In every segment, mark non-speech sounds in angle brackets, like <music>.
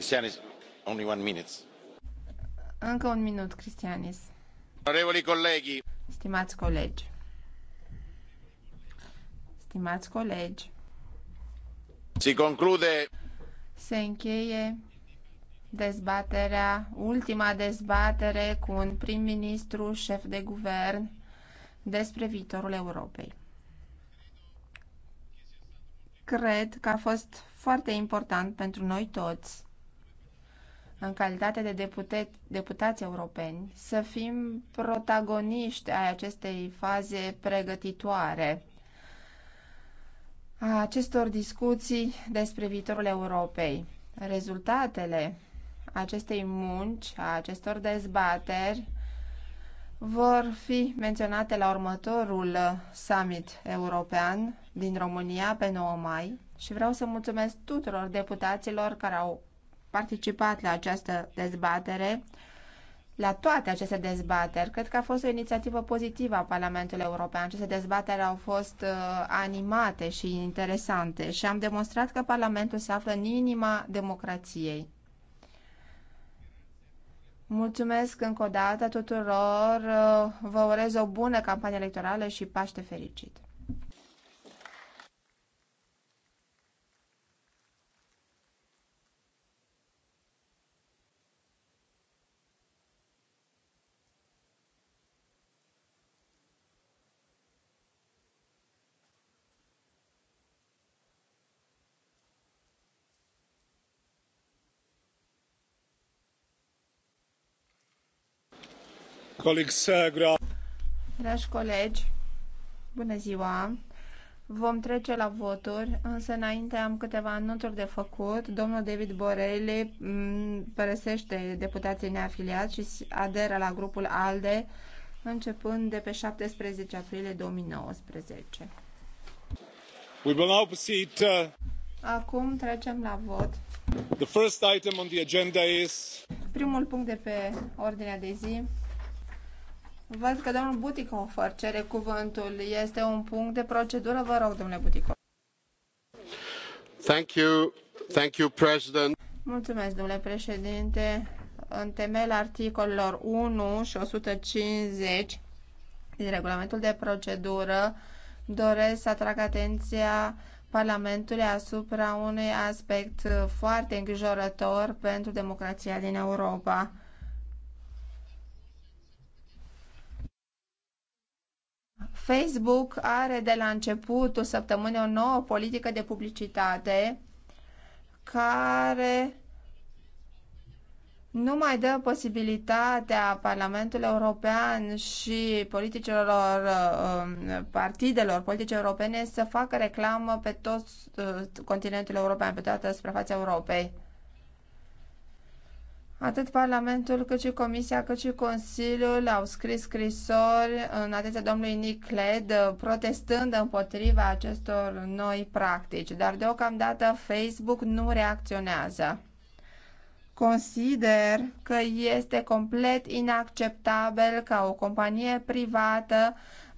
Cristianis, only one minute. Încă un minut, Cristianis. Onorevoli colegi. Stimați colegi. Stimați colegi. Se conclude. Se încheie dezbaterea, ultima dezbatere cu un prim-ministru, șef de guvern, despre viitorul Europei. Cred că a fost foarte important pentru noi toți în calitate de depute- deputați europeni, să fim protagoniști ai acestei faze pregătitoare a acestor discuții despre viitorul Europei. Rezultatele acestei munci, a acestor dezbateri, vor fi menționate la următorul summit european din România pe 9 mai și vreau să mulțumesc tuturor deputaților care au participat la această dezbatere, la toate aceste dezbateri. Cred că a fost o inițiativă pozitivă a Parlamentului European. Aceste dezbateri au fost uh, animate și interesante și am demonstrat că Parlamentul se află în inima democrației. Mulțumesc încă o dată tuturor, uh, vă urez o bună campanie electorală și Paște fericit! Dragi colegi, bună ziua! Vom trece la voturi, însă înainte am câteva anunțuri de făcut. Domnul David Borelli mm, părăsește deputații neafiliați și aderă la grupul ALDE începând de pe 17 aprilie 2019. We will now proceed, Acum trecem la vot. The first item on the agenda is... Primul punct de pe ordinea de zi Văd că domnul Buticofer cere cuvântul. Este un punct de procedură. Vă rog, domnule Buticofer. Thank you. Thank you, President. Mulțumesc, domnule președinte. În temel articolelor 1 și 150 din regulamentul de procedură, doresc să atrag atenția Parlamentului asupra unui aspect foarte îngrijorător pentru democrația din Europa Facebook are de la începutul săptămânii o nouă politică de publicitate care nu mai dă posibilitatea Parlamentului European și politicilor, um, partidelor politice europene să facă reclamă pe tot uh, continentul european, pe toată suprafața Europei. Atât Parlamentul, cât și Comisia, cât și Consiliul au scris scrisori în atenția domnului Nicled, uh, protestând împotriva acestor noi practici, dar deocamdată Facebook nu reacționează. Consider că este complet inacceptabil ca o companie privată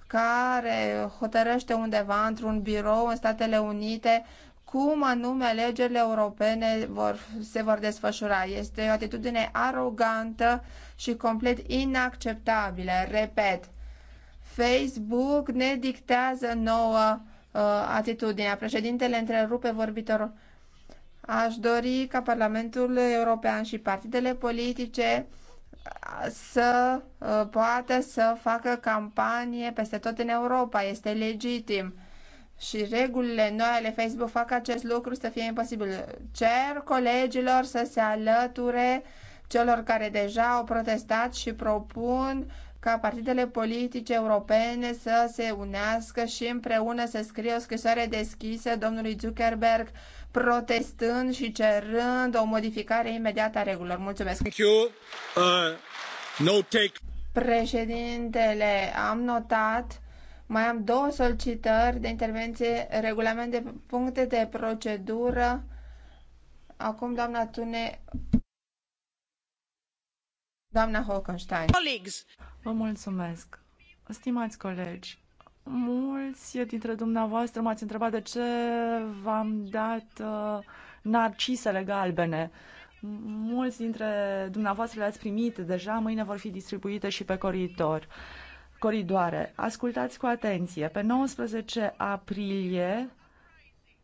care hotărăște undeva într-un birou în Statele Unite cum anume alegerile europene vor, se vor desfășura. Este o atitudine arogantă și complet inacceptabilă. Repet, Facebook ne dictează nouă uh, atitudinea. Președintele întrerupe vorbitorul. Aș dori ca Parlamentul European și partidele politice uh, să uh, poată să facă campanie peste tot în Europa. Este legitim și regulile noi ale Facebook fac acest lucru să fie imposibil. Cer colegilor să se alăture celor care deja au protestat și propun ca partidele politice europene să se unească și împreună să scrie o scrisoare deschisă domnului Zuckerberg protestând și cerând o modificare imediată a regulilor. Mulțumesc! Thank you. Uh, no take. Președintele, am notat mai am două solicitări de intervenție, regulament de puncte de procedură. Acum, doamna Tune, doamna Hockenstein. Colleagues. Vă mulțumesc. Stimați colegi, mulți dintre dumneavoastră m-ați întrebat de ce v-am dat uh, narcisele galbene. Mulți dintre dumneavoastră le-ați primit deja, mâine vor fi distribuite și pe coridor. Uh, coridoare. Ascultați cu atenție. Pe 19 aprilie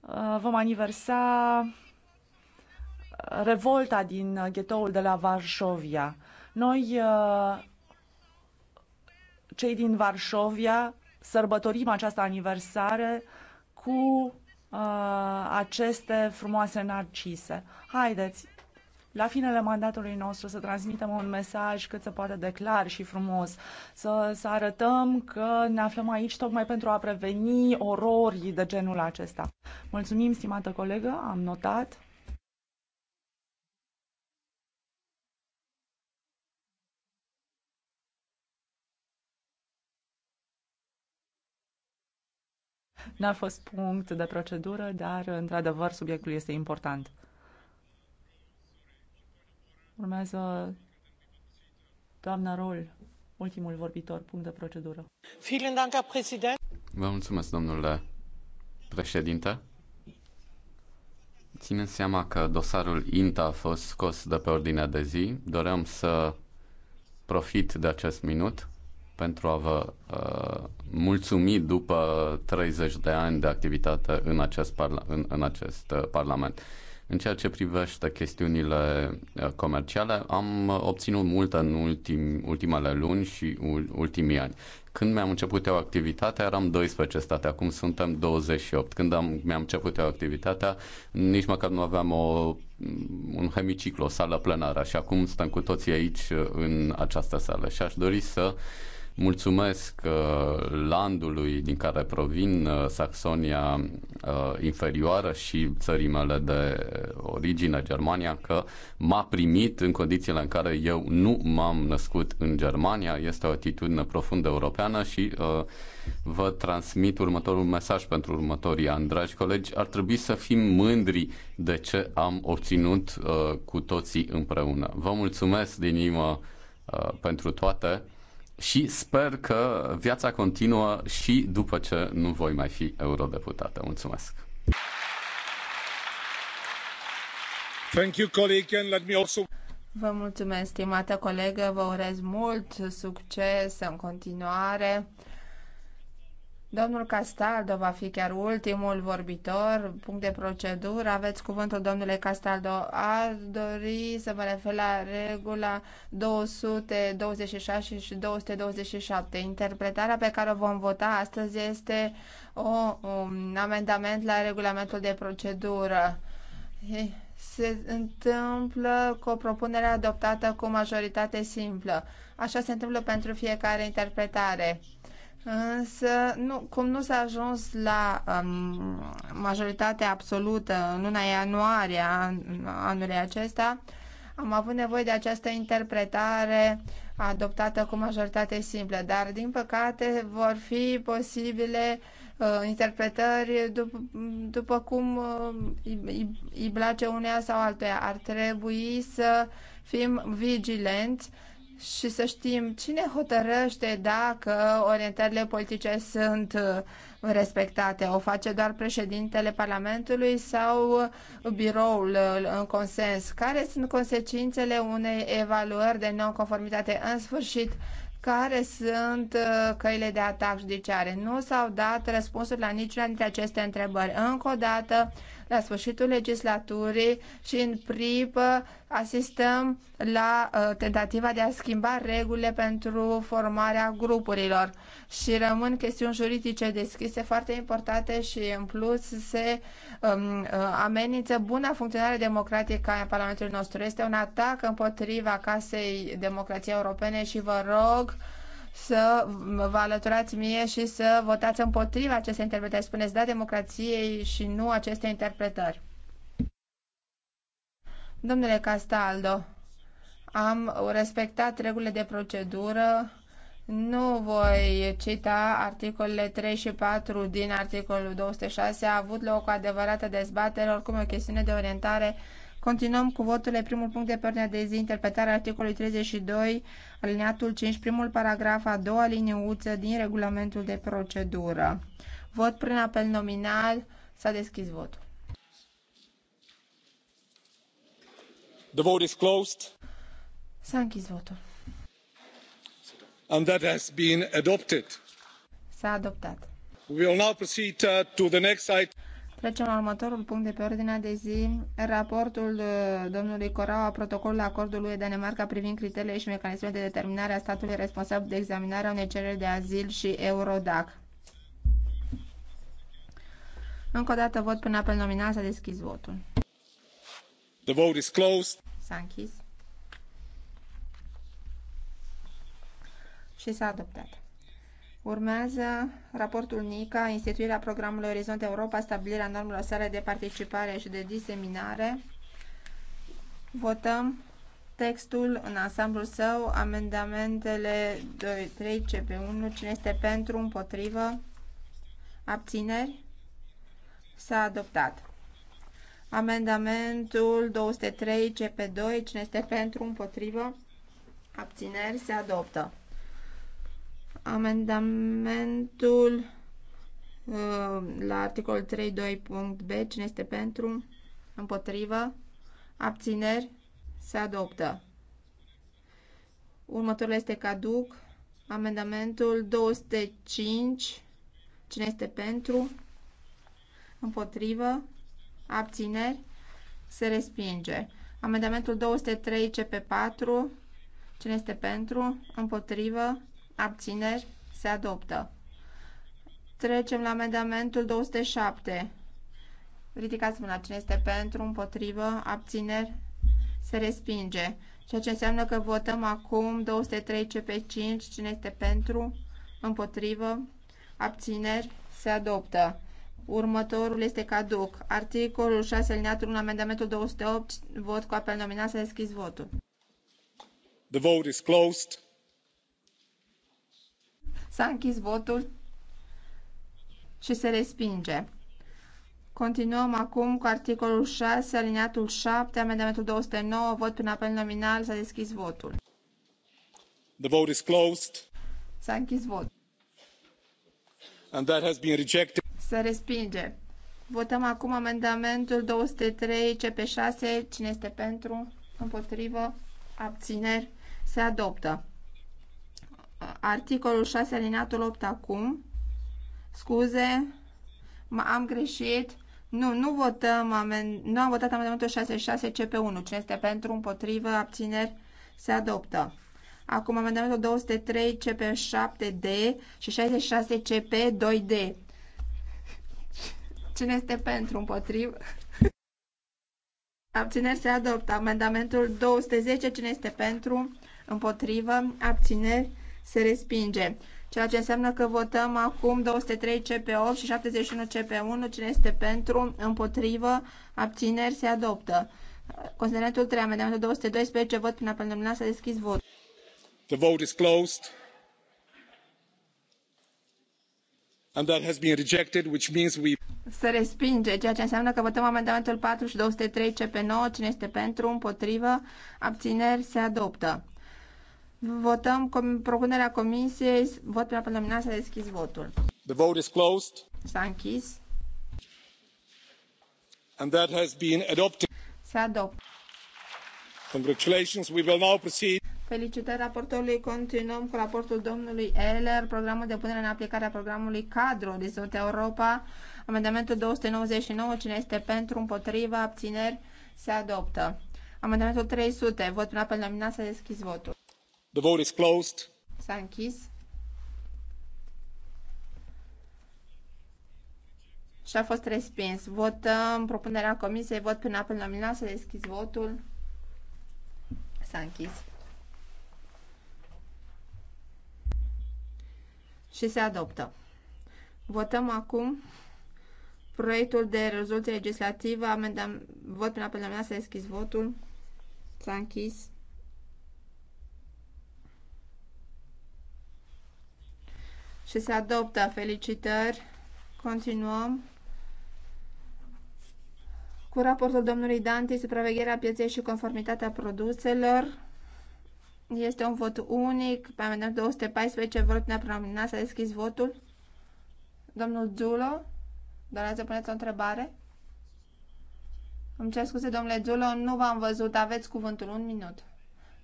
uh, vom aniversa uh, revolta din ghetoul de la Varșovia. Noi, uh, cei din Varșovia, sărbătorim această aniversare cu aceste frumoase narcise. Haideți, la finele mandatului nostru să transmitem un mesaj cât se poate de clar și frumos, să, să arătăm că ne aflăm aici tocmai pentru a preveni orori de genul acesta. Mulțumim, stimată colegă, am notat. N-a fost punct de procedură, dar, într-adevăr, subiectul este important. Urmează doamna Rol, ultimul vorbitor, punct de procedură. Vă mulțumesc, domnule președinte. Ținând seama că dosarul INTA a fost scos de pe ordinea de zi, doream să profit de acest minut pentru a vă uh, mulțumi după 30 de ani de activitate în acest, parla- în, în acest uh, parlament. În ceea ce privește chestiunile uh, comerciale, am uh, obținut multe în ultim, ultimele luni și ultimii ani. Când mi-am început eu activitatea, eram 12 state, acum suntem 28. Când am, mi-am început eu activitatea, nici măcar nu aveam o, un hemiciclu, o sală plenară și acum suntem cu toții aici uh, în această sală și aș dori să uh, Mulțumesc uh, landului din care provin, uh, Saxonia uh, inferioară și țării mele de origine, Germania, că m-a primit în condițiile în care eu nu m-am născut în Germania. Este o atitudine profund europeană și vă transmit următorul mesaj pentru următorii ani. Dragi colegi, ar trebui să fim mândri de ce am obținut cu toții împreună. Vă mulțumesc din inimă pentru toate și sper că viața continuă și după ce nu voi mai fi eurodeputată. Mulțumesc! Thank you, colleague, and let me also... Vă mulțumesc, stimată colegă, vă urez mult succes în continuare. Domnul Castaldo va fi chiar ultimul vorbitor. Punct de procedură. Aveți cuvântul, domnule Castaldo. A dori să vă refer la regula 226 și 227. Interpretarea pe care o vom vota astăzi este o, un amendament la regulamentul de procedură. Se întâmplă cu o propunere adoptată cu majoritate simplă. Așa se întâmplă pentru fiecare interpretare. Însă, nu, cum nu s-a ajuns la um, majoritatea absolută în luna ianuarie an, anului acesta, am avut nevoie de această interpretare adoptată cu majoritate simplă, dar din păcate vor fi posibile uh, interpretări dup- după cum uh, îi place uneia sau altuia. Ar trebui să fim vigilenți uh, și să știm cine hotărăște dacă orientările politice sunt uh, respectate. O face doar președintele Parlamentului sau uh, biroul uh, în consens? Care sunt consecințele unei evaluări de nonconformitate în sfârșit? Care sunt căile de atac judiciare? Nu s-au dat răspunsuri la niciuna dintre aceste întrebări. Încă o dată, la sfârșitul legislaturii și în pripă asistăm la uh, tentativa de a schimba regulile pentru formarea grupurilor și rămân chestiuni juridice deschise foarte importante și în plus se um, uh, amenință buna funcționare democratică a Parlamentului nostru. Este un atac împotriva casei democrației europene și vă rog să vă alăturați mie și să votați împotriva acestei interpretări. Spuneți da democrației și nu aceste interpretări. Domnule Castaldo, am respectat regulile de procedură. Nu voi cita articolele 3 și 4 din articolul 206. A avut loc o adevărată dezbatere, oricum o chestiune de orientare Continuăm cu voturile. Primul punct de pe ordinea de zi, interpretarea articolului 32, alineatul 5, primul paragraf, a doua liniuță din regulamentul de procedură. Vot prin apel nominal. S-a deschis votul. The vote is closed. S-a închis votul. And that has been adopted. S-a adoptat. We will now proceed uh, to the next item. Trecem la următorul punct de pe ordinea de zi, raportul uh, domnului Corau a protocolului acordului Danemarca privind criteriile și mecanismele de determinare a statului responsabil de examinarea unei cereri de azil și Eurodac. Încă o dată vot până apel nominal s-a deschis votul. The vote is closed. S-a închis. Și s-a adoptat. Urmează raportul NICA, instituirea programului Orizont Europa, stabilirea normelor sale de participare și de diseminare. Votăm textul în ansamblul său, amendamentele 2, 3, CP1, cine este pentru, împotrivă, abțineri, s-a adoptat. Amendamentul 203, CP2, cine este pentru, împotrivă, abțineri, se adoptă. Amendamentul uh, la articol 3.2.b, cine este pentru, împotrivă, abțineri, se adoptă. Următorul este caduc. Amendamentul 205, cine este pentru, împotrivă, abțineri, se respinge. Amendamentul 203 CP4, cine este pentru, împotrivă, abțineri, se adoptă. Trecem la amendamentul 207. Ridicați mâna cine este pentru, împotrivă, abțineri, se respinge. Ceea ce înseamnă că votăm acum 203 CP5, cine este pentru, împotrivă, abțineri, se adoptă. Următorul este caduc. Articolul 6, alineatul 1, amendamentul 208, vot cu apel nominal, s-a deschis votul. The vote is closed. S-a închis votul și se respinge. Continuăm acum cu articolul 6, aliniatul 7, amendamentul 209, vot prin apel nominal, s-a deschis votul. The vote is closed. S-a închis votul. And that has been rejected. Se respinge. Votăm acum amendamentul 203 CP6. Cine este pentru? Împotrivă? Abțineri? Se adoptă articolul 6 alineatul 8 acum. Scuze, am greșit. Nu, nu votăm, amen, nu am votat amendamentul 66 CP1. Cine este pentru, împotrivă, abțineri, se adoptă. Acum amendamentul 203 CP7D și 66 CP2D. Cine este pentru, împotrivă? Abțineri se adoptă. Amendamentul 210. Cine este pentru? Împotrivă? Abțineri? se respinge. Ceea ce înseamnă că votăm acum 203 CP8 și 71 CP1. Cine este pentru, împotrivă, abțineri, se adoptă. Considerentul 3, amendamentul 212, vot prin apel nominal, s-a deschis vot. The vote is closed. And that has been rejected, which means we... Se respinge, ceea ce înseamnă că votăm amendamentul 4 și 203 CP9. Cine este pentru, împotrivă, abțineri, se adoptă. Votăm com propunerea comisiei. Vot prin apel nominal. S-a deschis votul. The vote is closed. S-a închis. And that has been adopted. Se adoptat. Congratulations. We will now proceed. Felicitări raportorului. Continuăm cu raportul domnului Eller, programul de punere în aplicare a programului Cadru Orizont Europa. Amendamentul 299. Cine este pentru, împotriva, abțineri, se adoptă. Amendamentul 300. Vot prin apel nominal. S-a deschis votul. The vote is closed. S-a închis. Și a fost respins. Votăm propunerea comisiei, vot prin apel nominal, să deschis votul. S-a închis. Și se adoptă. Votăm acum proiectul de rezoluție legislativă, amendam, vot prin apel nominal, să deschis votul. S-a închis. și se adoptă. Felicitări! Continuăm cu raportul domnului Dante, supravegherea pieței și conformitatea produselor. Este un vot unic. Pe amendamentul 214, vot nepronominat, s-a deschis votul. Domnul Zulo, doreați să puneți o întrebare? Îmi cer scuze, domnule Zulo, nu v-am văzut. Aveți cuvântul. Un minut.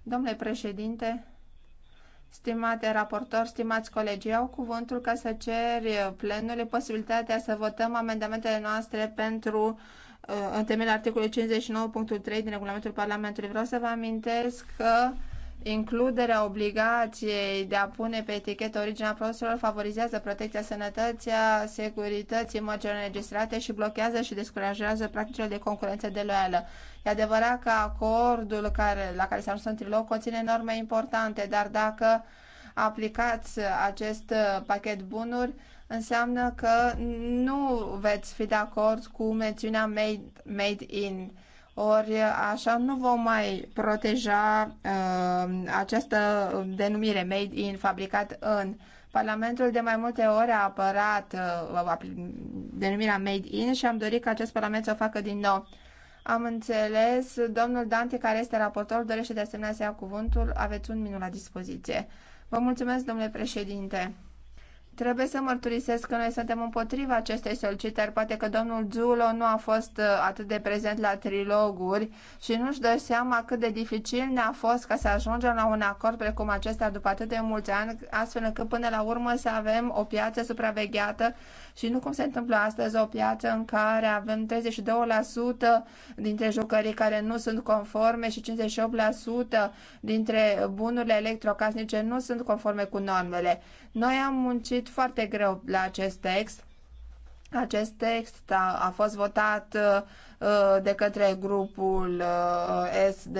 Domnule președinte, Stimate raportori, stimați colegi, iau cuvântul ca să cer plenului posibilitatea să votăm amendamentele noastre pentru uh, în temelul articolului 59.3 din regulamentul Parlamentului. Vreau să vă amintesc că Includerea obligației de a pune pe etichetă originea produselor favorizează protecția sănătății, a securității mărcilor înregistrate și blochează și descurajează practicile de concurență deloială. E adevărat că acordul care, la care s-a ajuns în trilog conține norme importante, dar dacă aplicați acest uh, pachet bunuri, înseamnă că nu veți fi de acord cu mențiunea made, made in ori așa nu vom mai proteja uh, această denumire made in, fabricat în. Parlamentul de mai multe ori a apărat uh, denumirea made in și am dorit ca acest parlament să o facă din nou. Am înțeles, domnul Dante, care este raportor, dorește de asemenea să ia cuvântul. Aveți un minut la dispoziție. Vă mulțumesc, domnule președinte. Trebuie să mărturisesc că noi suntem împotriva acestei solicitări. Poate că domnul Zulo nu a fost uh, atât de prezent la triloguri și nu-și dă seama cât de dificil ne-a fost ca să ajungem la un acord precum acesta după atât de mulți ani, astfel încât până la urmă să avem o piață supravegheată și nu cum se întâmplă astăzi o piață în care avem 32% dintre jucării care nu sunt conforme și 58% dintre bunurile electrocasnice nu sunt conforme cu normele. Noi am muncit foarte greu la acest text. Acest text a, a fost votat uh, uh de către grupul uh, SD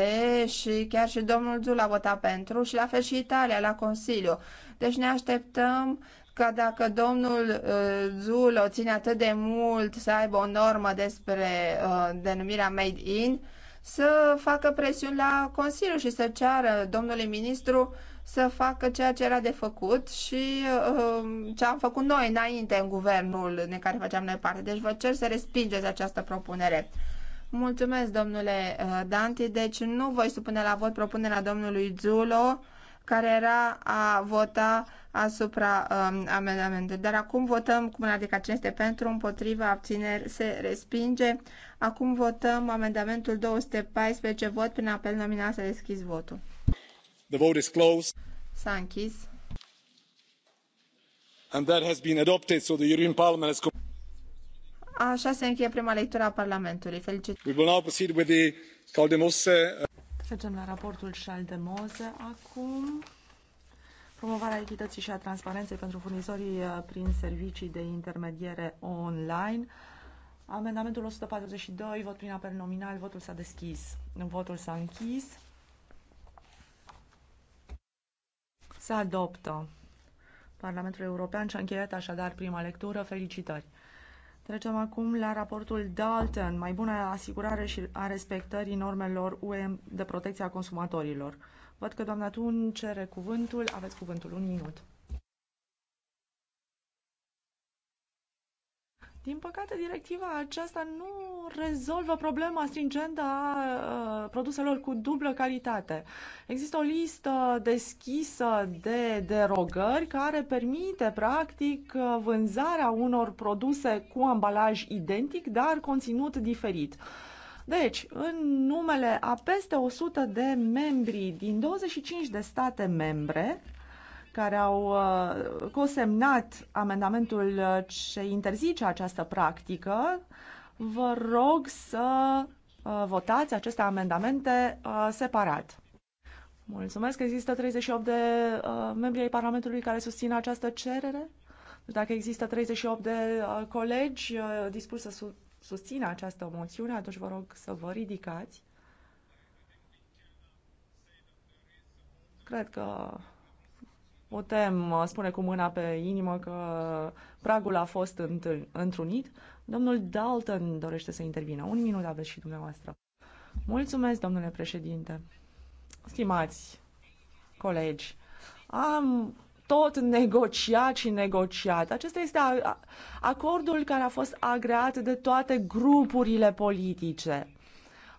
și chiar și domnul Zul a votat pentru și la fel și Italia la Consiliu. Deci ne așteptăm că dacă domnul uh, Zulo ține atât de mult să aibă o normă despre uh, denumirea Made In, să facă presiuni la Consiliu și să ceară domnului ministru să facă ceea ce era de făcut și uh, ce am făcut noi înainte în guvernul în care făceam noi parte. Deci vă cer să respingeți această propunere. Mulțumesc, domnule uh, Danti. Deci nu voi supune la vot propunerea domnului Zulo, care era a vota asupra um, amendamentului. Dar acum votăm cu mâna de cine este pentru, împotriva, abțineri, se respinge. Acum votăm amendamentul 214, vot prin apel nominal să deschis votul. The vote is closed. S-a închis. And that has been adopted, so the European Parliament has... Așa se încheie prima lectură a Parlamentului. Felicitări. We will now proceed with the Caldemose. Uh, Trecem la raportul Schaldemose acum promovarea echității și a transparenței pentru furnizorii uh, prin servicii de intermediere online. Amendamentul 142, vot prin apel nominal, votul s-a deschis. Votul s-a închis. Se adoptă. Parlamentul European și-a încheiat așadar prima lectură. Felicitări! Trecem acum la raportul Dalton, mai bună asigurare și a respectării normelor UE de protecție a consumatorilor. Văd că doamna Tun cere cuvântul. Aveți cuvântul, un minut. Din păcate, directiva aceasta nu rezolvă problema stringentă a uh, produselor cu dublă calitate. Există o listă deschisă de derogări care permite, practic, uh, vânzarea unor produse cu ambalaj identic, dar conținut diferit. Deci, în numele a peste 100 de membri din 25 de state membre care au uh, cosemnat amendamentul uh, ce interzice această practică, vă rog să uh, votați aceste amendamente separat. Mulțumesc. Există 38 de uh, membri ai Parlamentului care susțin această cerere? Deci dacă există 38 de uh, colegi uh, dispuși să susțină susține această moțiune, atunci vă rog să vă ridicați. Cred că putem spune cu mâna pe inimă că pragul a fost întrunit. Domnul Dalton dorește să intervină. Un minut aveți și dumneavoastră. Mulțumesc, domnule președinte. Stimați colegi, am tot negociat și negociat. Acesta este acordul care a fost agreat de toate grupurile politice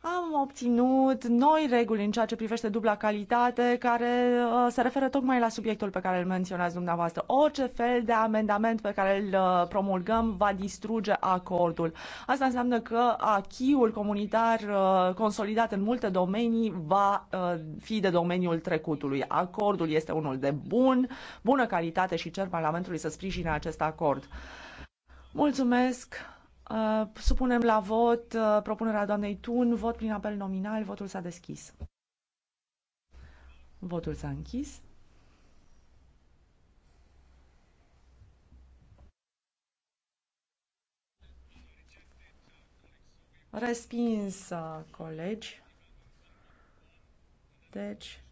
am obținut noi reguli în ceea ce privește dubla calitate, care uh, se referă tocmai la subiectul pe care îl menționați dumneavoastră. Orice fel de amendament pe care îl uh, promulgăm va distruge acordul. Asta înseamnă că achiul comunitar uh, consolidat în multe domenii va fi de domeniul trecutului. Acordul este unul de bun, bună calitate și cer Parlamentului să sprijine acest acord. Mulțumesc! Uh, supunem la vot uh, propunerea doamnei Tun, vot prin apel nominal, votul s-a deschis. Votul s-a închis. Respinsă, colegi. Deci,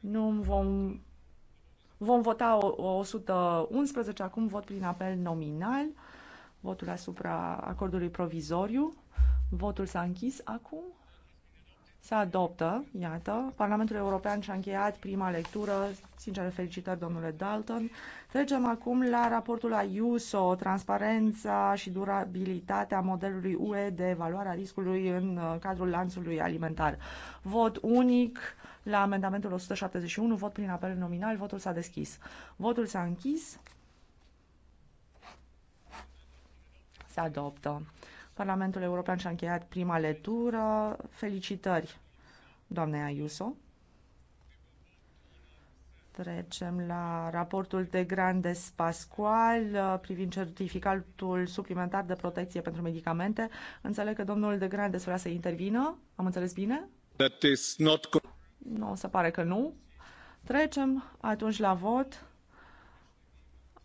nu vom, vom vota 111, acum vot prin apel nominal votul asupra acordului provizoriu. Votul s-a închis acum. Se adoptă, iată. Parlamentul European și-a încheiat prima lectură. Sincere felicitări, domnule Dalton. Trecem acum la raportul IUSO, transparența și durabilitatea modelului UE de evaluare a riscului în uh, cadrul lanțului alimentar. Vot unic la amendamentul 171, vot prin apel nominal, votul s-a deschis. Votul s-a închis. se adoptă. Parlamentul European și-a încheiat prima lectură. Felicitări, doamne Ayuso. Trecem la raportul de Grandes Pascual uh, privind certificatul suplimentar de protecție pentru medicamente. Înțeleg că domnul de Grandes vrea să intervină. Am înțeles bine? That is not... Nu, se pare că nu. Trecem atunci la vot.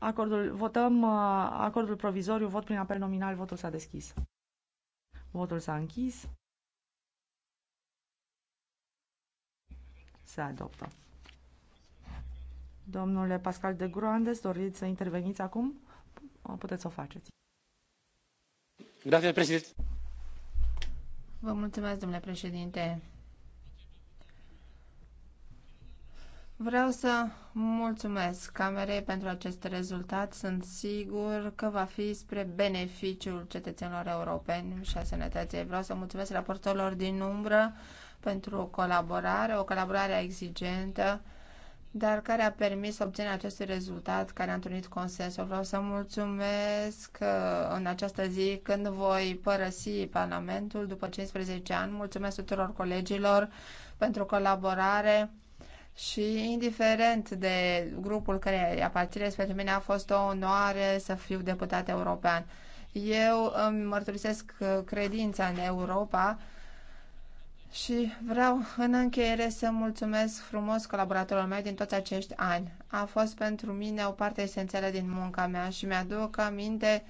Acordul, votăm uh, acordul provizoriu, vot prin apel nominal, votul s-a deschis. Votul s-a închis. Se adoptă. Domnule Pascal de Groandes, doriți să interveniți acum? Puteți să o faceți. Grazie, președinte. Vă mulțumesc, domnule președinte. Vreau să mulțumesc Camerei pentru acest rezultat. Sunt sigur că va fi spre beneficiul cetățenilor europeni și a sănătății. Vreau să mulțumesc raportorilor din umbră pentru o colaborare, o colaborare exigentă, dar care a permis obținerea acestui rezultat care a întrunit consensul. Vreau să mulțumesc uh, în această zi când voi părăsi Parlamentul după 15 ani. Mulțumesc tuturor colegilor pentru colaborare și indiferent de grupul care aparține, pentru mine a fost o onoare să fiu deputat european. Eu îmi mărturisesc uh, credința în Europa și vreau în încheiere să mulțumesc frumos colaboratorilor mei din toți acești ani. A fost pentru mine o parte esențială din munca mea și mi-aduc aminte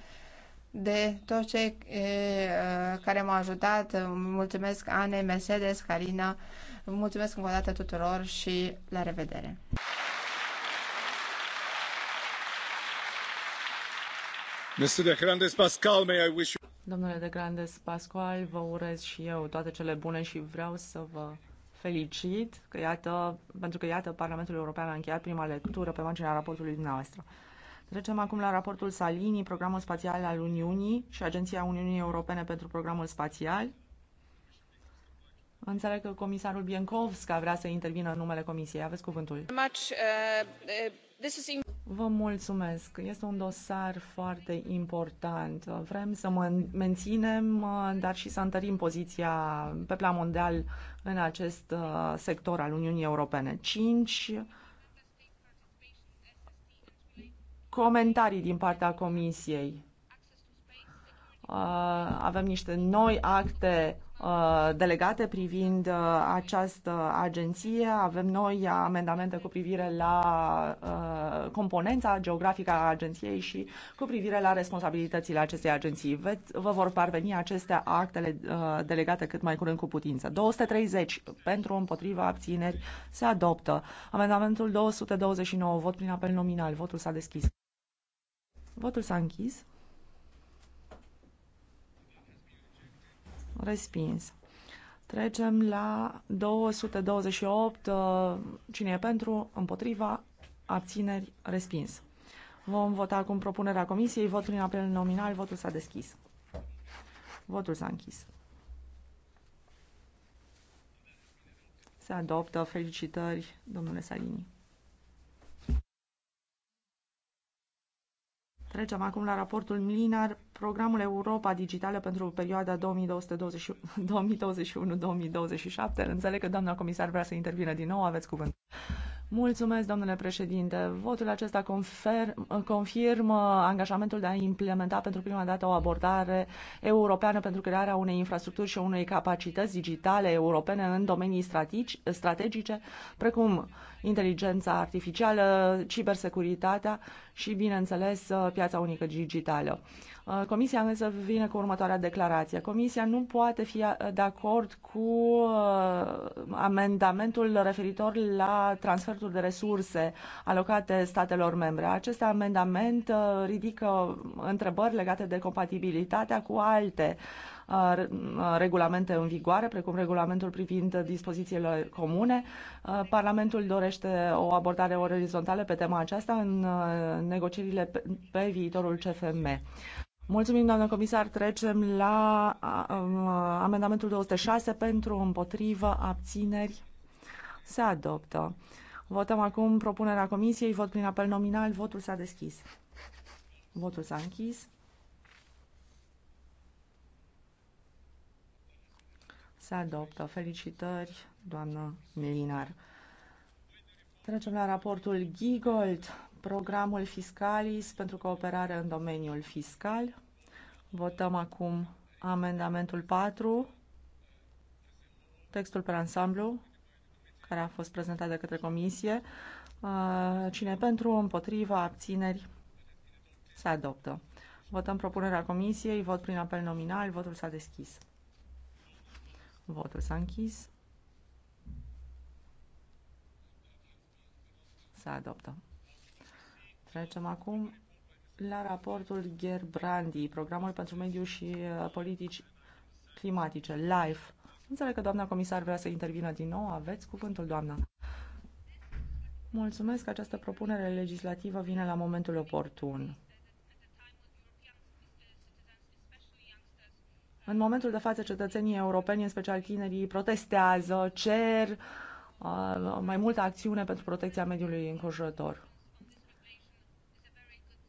de toți cei uh, care m-au ajutat. Mulțumesc Anei, Mercedes, Carina, Vă mulțumesc încă o dată tuturor și la revedere! Domnule de Grandes Pascual, vă urez și eu toate cele bune și vreau să vă felicit că iată, pentru că iată Parlamentul European a încheiat prima lectură pe marginea raportului dumneavoastră. Trecem acum la raportul Salini, Programul Spațial al Uniunii și Agenția Uniunii Europene pentru Programul Spațial. Înțeleg că comisarul Biencovska vrea să intervină în numele comisiei. Aveți cuvântul. Uh, uh, Vă mulțumesc. Este un dosar foarte important. Vrem să menținem, uh, dar și să întărim poziția pe plan mondial în acest sector al Uniunii Europene. Cinci comentarii din partea comisiei. Avem niște noi acte Uh, delegate privind uh, această agenție. Avem noi amendamente cu privire la uh, componența geografică a agenției și cu privire la responsabilitățile acestei agenții. Vă vor parveni aceste actele delegate cât mai curând cu putință. 230 pentru împotriva abțineri se adoptă. Amendamentul 229, vot prin apel nominal. Votul s-a deschis. Votul s-a închis. Respins. Trecem la 228. Uh, cine e pentru? Împotriva? Abțineri? Respins. Vom vota acum propunerea comisiei. votul în apel nominal. Votul s-a deschis. Votul s-a închis. Se adoptă. Felicitări, domnule Salini. Trecem acum la raportul Milinar, programul Europa Digitală pentru perioada 2021-2027. Înțeleg că doamna comisar vrea să intervină din nou, aveți cuvânt. Mulțumesc, domnule președinte. Votul acesta confer, confirmă angajamentul de a implementa pentru prima dată o abordare europeană pentru crearea unei infrastructuri și unei capacități digitale europene în domenii strategice, precum inteligența artificială, cibersecuritatea și, bineînțeles, uh, piața unică digitală. Uh, comisia însă vine cu următoarea declarație. Comisia nu poate fi uh, de acord cu amendamentul referitor la transferul de resurse alocate statelor membre. Acest amendament ridică întrebări legate de compatibilitatea cu alte uh, regulamente în vigoare, precum regulamentul privind dispozițiile comune. Parlamentul dorește o abordare orizontală pe tema aceasta în negocierile pe viitorul CFM. Mulțumim, doamnă comisar. Trecem la amendamentul 206 pentru împotrivă abțineri. Se adoptă. Votăm acum propunerea comisiei. Vot prin apel nominal. Votul s-a deschis. Votul s-a închis. se adoptă. Felicitări, doamnă Milinar. Trecem la raportul Gigold, programul Fiscalis pentru cooperare în domeniul fiscal. Votăm acum amendamentul 4, textul pe ansamblu, care a fost prezentat de către comisie. Uh, cine pentru, împotriva, abțineri, se adoptă. Votăm propunerea comisiei, vot prin apel nominal, votul s-a deschis. Votul s-a închis. Se adoptă. Trecem acum la raportul Gerbrandi, programul pentru mediu și uh, politici climatice, LIFE. Înțeleg că doamna comisar vrea să intervină din nou. Aveți cuvântul, doamna. Mulțumesc, că această propunere legislativă vine la momentul oportun. În momentul de față, cetățenii europeni, în special tinerii, protestează, cer uh, mai multă acțiune pentru protecția mediului înconjurător.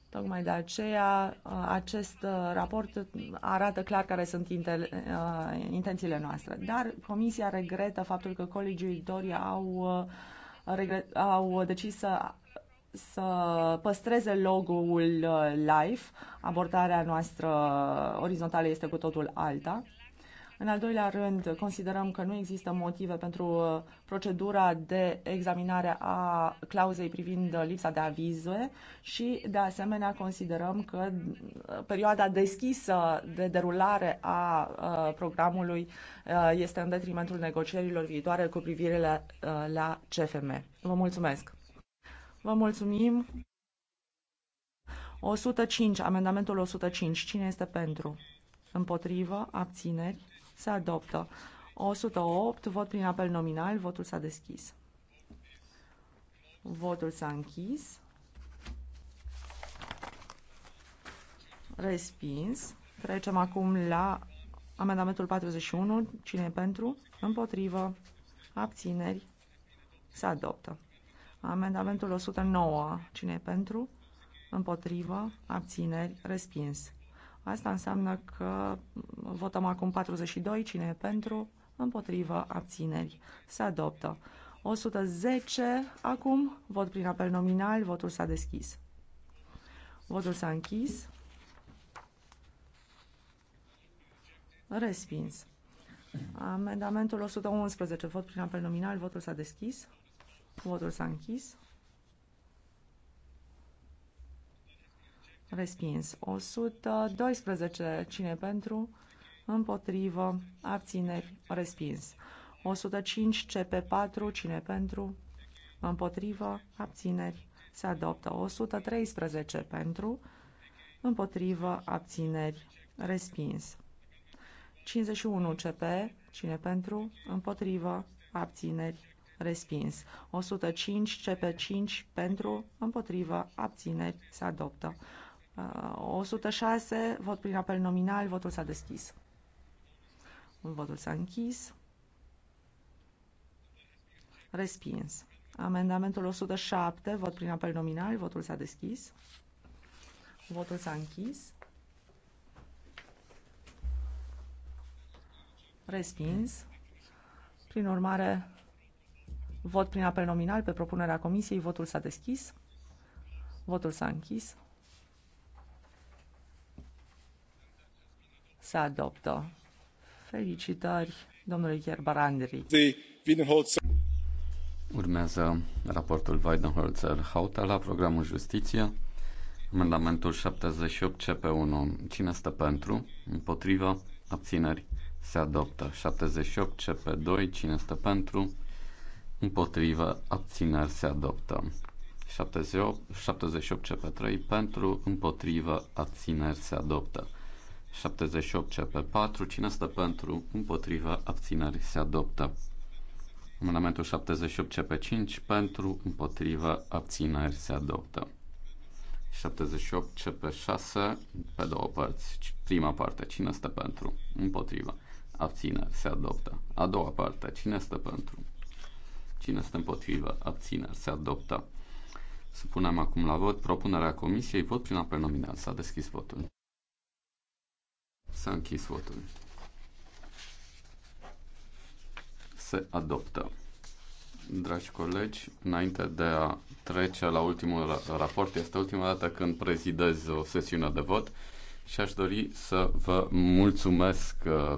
Tocmai de aceea, uh, acest uh, raport arată clar care sunt uh, intențiile noastre. Dar Comisia regretă faptul că colegiuitorii au, au decis să să păstreze logo-ul uh, LIFE. Abordarea noastră orizontală este cu totul alta. În al doilea rând, considerăm că nu există motive pentru uh, procedura de examinare a clauzei privind uh, lipsa de avize și, de asemenea, considerăm că perioada deschisă de derulare a programului este în detrimentul negocierilor viitoare cu privire la, la CFM. Vă mulțumesc! Vă mulțumim. 105, amendamentul 105. Cine este pentru? Împotrivă, abțineri, se adoptă. 108, vot prin apel nominal, votul s-a deschis. Votul s-a închis. Respins. Trecem acum la amendamentul 41. Cine e pentru? Împotrivă. Abțineri. Se adoptă. Amendamentul 109. Cine e pentru? Împotrivă? Abțineri? Respins. Asta înseamnă că votăm acum 42. Cine e pentru? Împotrivă? Abțineri? Se adoptă. 110. Acum vot prin apel nominal. Votul s-a deschis. Votul s-a închis. Respins. Amendamentul 111. Vot prin apel nominal. Votul s-a deschis. Votul s-a închis. Respins. 112. Cine pentru? Împotrivă. Abțineri. Respins. 105. CP4. Cine pentru? Împotrivă. Abțineri. Se adoptă. 113. Pentru. Împotrivă. Abțineri. Respins. 51. CP. Cine pentru? Împotrivă. Abțineri respins. 105 CP5 pentru, împotrivă, abțineri, se adoptă. 106, uh, vot prin apel nominal, votul s-a deschis. Votul s-a închis. Respins. Amendamentul 107, vot prin apel nominal, votul s-a deschis. Votul s-a închis. Respins. Prin urmare, Vot prin apel nominal pe propunerea comisiei. Votul s-a deschis. Votul s-a închis. Se adoptă. Felicitări, domnule domnului Andri. Urmează raportul Weidenholzer-Hauta la programul Justiție. Amendamentul 78 CP1. Cine stă pentru? Împotriva? Abțineri? Se adoptă. 78 CP2. Cine stă pentru? împotrivă, abțineri se adoptă. 78, CP3 pentru, împotrivă, abțineri se adoptă. 78 CP4, cine stă pentru, împotrivă, abțineri se adoptă. Amendamentul 78 CP5 pentru, împotrivă, abțineri se adoptă. 78 CP6 pe două părți. Prima parte, cine stă pentru, împotrivă, abțineri se adoptă. A doua parte, cine stă pentru, Cine este împotrivă? Abțineri. Se adoptă. Să punem acum la vot propunerea comisiei. Vot prin apel nominal. S-a deschis votul. S-a închis votul. Se adoptă. Dragi colegi, înainte de a trece la ultimul raport, este ultima dată când prezidez o sesiune de vot și aș dori să vă mulțumesc uh,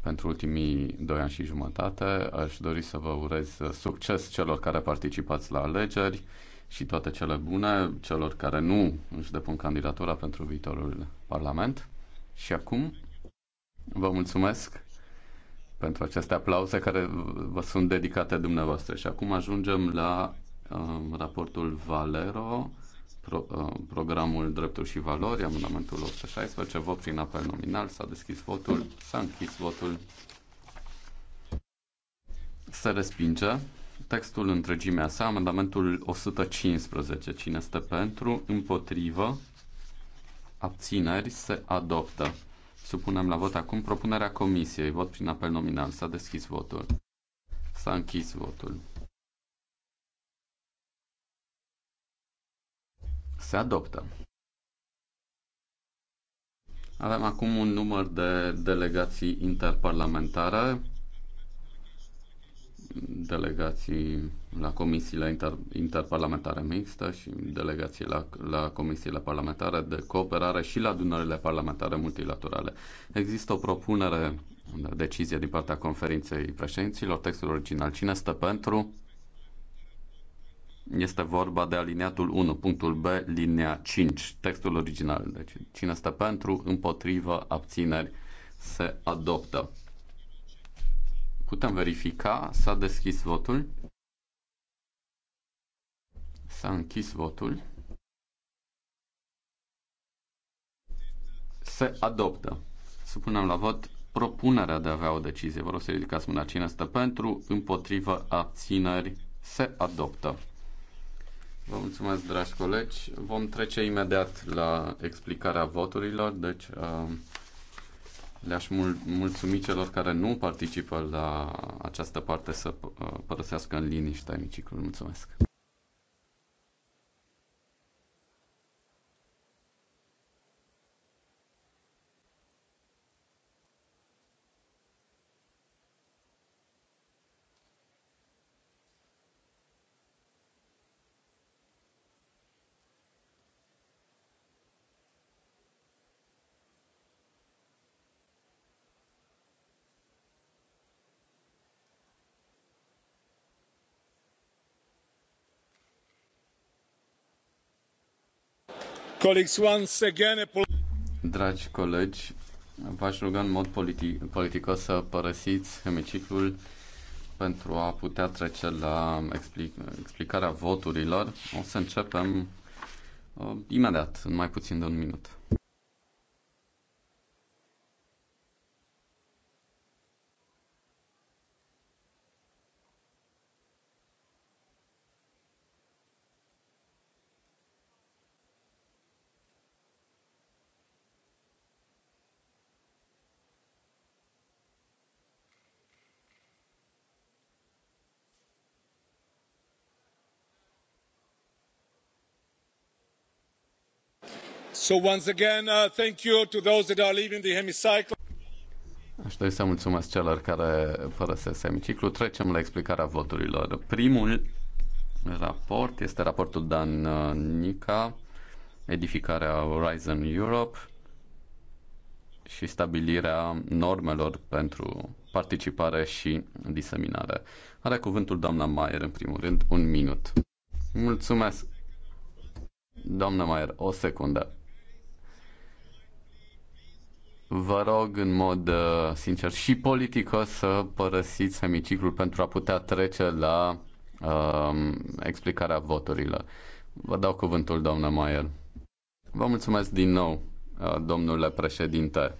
pentru ultimii doi ani și jumătate. Aș dori să vă urez succes celor care participați la alegeri și toate cele bune celor care nu își depun candidatura pentru viitorul Parlament. Și acum vă mulțumesc pentru aceste aplauze care vă sunt dedicate dumneavoastră. Și acum ajungem la um, raportul Valero Uh, programul Drepturi și Valori, amendamentul 116, vot prin apel nominal, s-a deschis votul, s-a închis votul, se respinge. Textul întregimea sa, amendamentul 115, cine este pentru, împotrivă, abțineri, se adoptă. Supunem la vot acum propunerea comisiei, vot prin apel nominal, s-a deschis votul, s-a închis votul. Se adoptă. Avem acum un număr de delegații interparlamentare, delegații la comisiile inter, interparlamentare mixte și delegații la, la comisiile parlamentare de cooperare și la adunările parlamentare multilaterale. Există o propunere, o decizie din partea conferinței președinților, textul original. Cine stă pentru? Este vorba de alineatul 1, punctul B, linia 5, textul original. Deci cine stă pentru, împotrivă, abțineri, se adoptă. Putem verifica, s-a deschis votul. S-a închis votul. Se adoptă. Supunem la vot propunerea de a avea o decizie. Vă rog să ridicați mâna cine stă pentru, împotrivă, abțineri, se adoptă. Vă mulțumesc, dragi colegi. Vom trece imediat la explicarea voturilor, deci uh, le-aș mul- mulțumi celor care nu participă la această parte să uh, părăsească în liniște emiciclul. Mulțumesc! Dragi colegi, v-aș ruga în mod politic, politicos să părăsiți hemiciclul pentru a putea trece la explic, explicarea voturilor. O să începem uh, imediat, în mai puțin de un minut. So Aș dori să mulțumesc celor care părăsesc semiciclu. Trecem la explicarea voturilor. Primul raport este raportul Dan uh, Nica, edificarea Horizon Europe și stabilirea normelor pentru participare și diseminare. Are cuvântul doamna Maier, în primul rând, un minut. Mulțumesc. Doamna Maier, o secundă vă rog în mod uh, sincer și politicos să părăsiți semiciclul pentru a putea trece la uh, explicarea voturilor. Vă dau cuvântul, doamnă Maier. Vă mulțumesc din nou, uh, domnule președinte.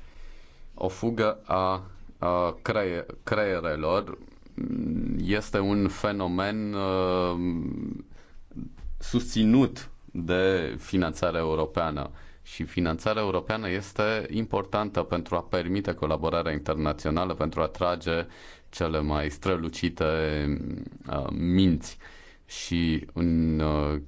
O fugă a, a creier, creierelor este un fenomen uh, susținut de finanțarea europeană. Uh, și finanțarea europeană este importantă pentru a permite colaborarea internațională, pentru a atrage cele mai strălucite uh, minți. Și în uh,